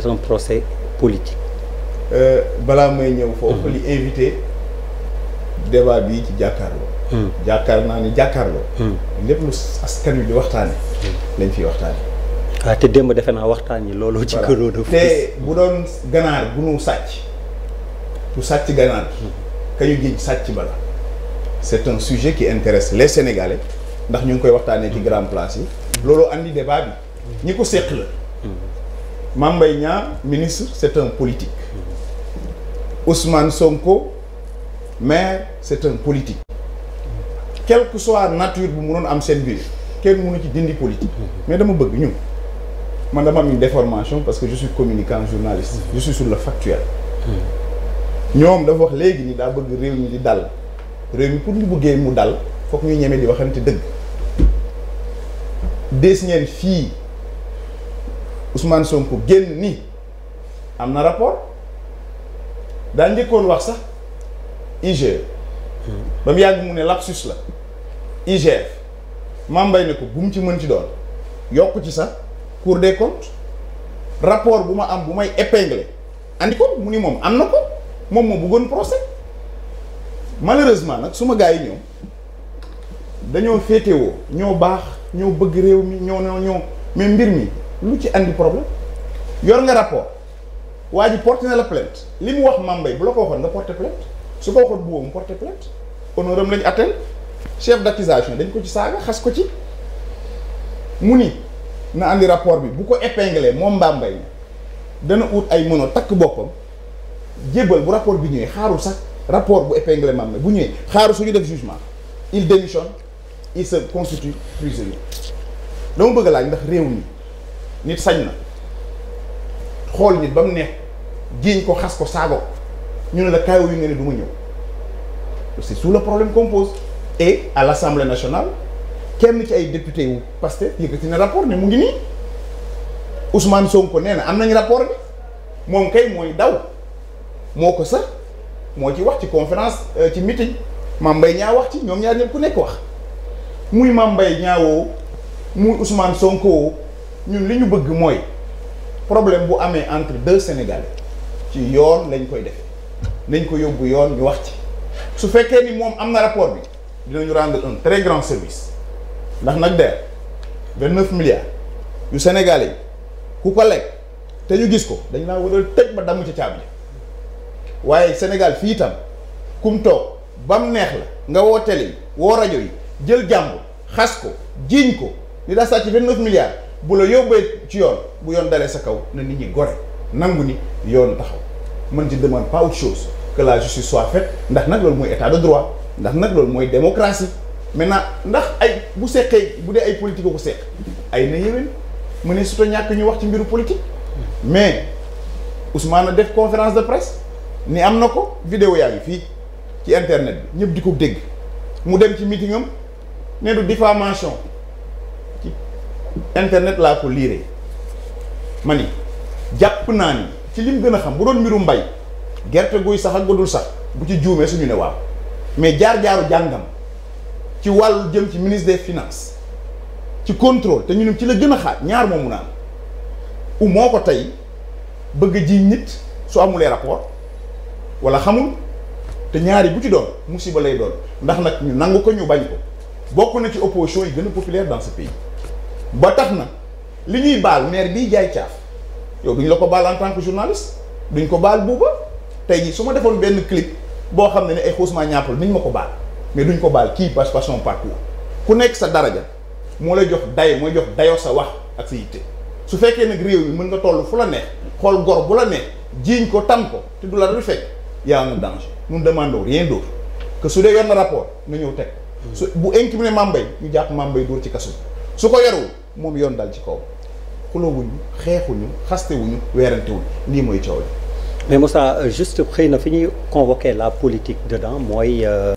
c'est un procès politique. Euh, balaa mooy ñëw foofu. Mhm. li invité débat bi ci jàkkaarloo. Mhm. jàkkaar naa ni jàkkaarloo. Mhm. lépp lu askan wi di waxtaane lañ fiy waxtaane waaw ah, te démb defe naa waxtaan yi loolu ci këroo de te bu doon ganaar bu nu sàcc bu sàcc ganaar kañu géej sàcc bala c'est un sujet qui intéresse les Sénégalais ndax ñu ngi koy waxtaanee ci grand place yi looloo andi débat bi ñi ko séq la Mame Mbaye Niang ministre c'est un politique Ousmane Sonko maire c'est un politique quelle que soit nature bu mënoon am seen biir kenn mënu ci dindi politique mais dama bëgg ñu man dama am une deformation parce que je suis communicant journaliste je suis sur le factuel ñoom dafa wax léegi ni daa bëgg réew mi di dal réew mi pour ñu bëggee mu dal foog ñu ñemee di waxante dëgg des fii Ousmane Sonko génn ni am na rapport daa njëkkoon wax sax IGE ba mu yàgg mu ne lapsus la IGF mambay ne ko bu mu ci mën ci doon yokk ci sax Cour des comptes rapport bu ma am bu may épinglé andi ko mu ni moom am na ko moom moo bëggoon procès malheureusement nag suma gars yi ñëw dañoo féetewoo ñoo baax ñoo bëgg réew mi ñoo ñoo ñoo mais mbir mi lu ci andi problème yor nga rapport waa ji porte na la plainte li mu wax mambay bu la ko waxoon nga porté plainte su ko waxoon bu mu porté plainte honneur am lañu atteindre chef d'accusation dañ ko ci saaga xas ko ci mu ni na andi rapport bi bu ko épinglé moom mbambay dana ut ay mënoo takk boppam jébbal bu rapport bi ñëwee xaarul sax rapport bu épinglé mambay bu ñëwee su suñu def jugement il démissionne il se constitue prisonnier dama bëgg laaj ndax réew mi nit sañ na xool nit ba mu neex jiiñ ko xas ko saago ñu ne la kaaw yu nga ne du ma ñëw c'est sous le problème qu'on pose et à l'Assemblée nationale kenn ci ay député wu Pastef yëkkati na rapport ne mu ngi nii Ousmane Sonko nee na am nañ rapport bi moom kay mooy daw moo ko sax moo ci wax ci conférence euh, ci meeting Mame Mbaye Niang wax ci ñoom ñaar ñëpp ku nekk wax muy Mame Mbaye Niang muy Ousmane Sonko ñun li ñu bëgg mooy problème bu amee entre deux sénégalais ci yoon lañ koy def nañ ko yóbbu yoon ñu wax ci su fekkee ni moom am na rapport bi dinañu rendre un très grand service ndax nag DER vingt neuf milliards yu sénégalais yi ku ko lekk te ñu gis ko dañ laa waral tëj ba damm ci caabi waaye Sénégal fii itam kum toog bam neex la nga woo télé yi woo rajo yi jël jàmb xas ko jiiñ ko li daa sàcc vingt neuf milliards. bu la yóbbee ci yoon bu yoon dalee sa kaw na nit ñi gore nangu ni yoon taxaw mën ci demande pas autre chose que la justice soit faite ndax nag loolu mooy état de droit ndax nag loolu mooy démocratie maintenant ndax ay bu seqe bu dee ay politique ko seq ay na yéwén mu ne surtout ñàkk ñu wax ci mbiru politique mais Ousmane a def conférence de presse ni am na ko vidéo yaa ngi fii ci internet bi ñëpp di ko dégg mu dem ci meeting am ne du diffamation internet laa ko liire man ni jàpp naa ni ci lim gën a xam bu doon mbiru mbay gerte guy sax ak gudul sax bu ci juumee suñu ne waaw mais jaar-jaaru jàngam ci wàll jëm ci ministre finance ci contrôle te ñu ne ci la gën a xaar ñaar moomu naan u moo ko tey bëgg ji nit su amulee rapport wala xamul te ñaari bu ci doon musiba lay doon ndax nag ñu nangu ko ñu bañ ko bokk na ci opposition yi gën a populaire dans pays ba tax na li ñuy baal maire bii jaay caaf yow duñ la ko baal en tant que journaliste duñ ko baal buuba tey jii su ma defoon benn clip boo xam ne ne ay xuusmaa ñàppal niñ ma ko baal mais duñ ko baal kii passe passion parcours ku nekk sa daraja moo lay jox day mooy jox dayoo sa wax ak sa yitte su fekkee nag réew mi mën nga toll fu la neex xool gor bu la neex jiiñ ko tam ko te du la dara fekk yaa un danger nous ne demandons rien d'autre que su dee yor na rapport na ñëw teg su bu incriminé Mame ñu jàpp Mame Mbaye dóor ci kaso su ko yorul moom yoon dal ci kaw xuloowuñu xeexuñu xastewuñu weerantewuñu lii mooy coow li mais Moussa juste xëy na fi ñuy convoquer la politique dedans mooy euh,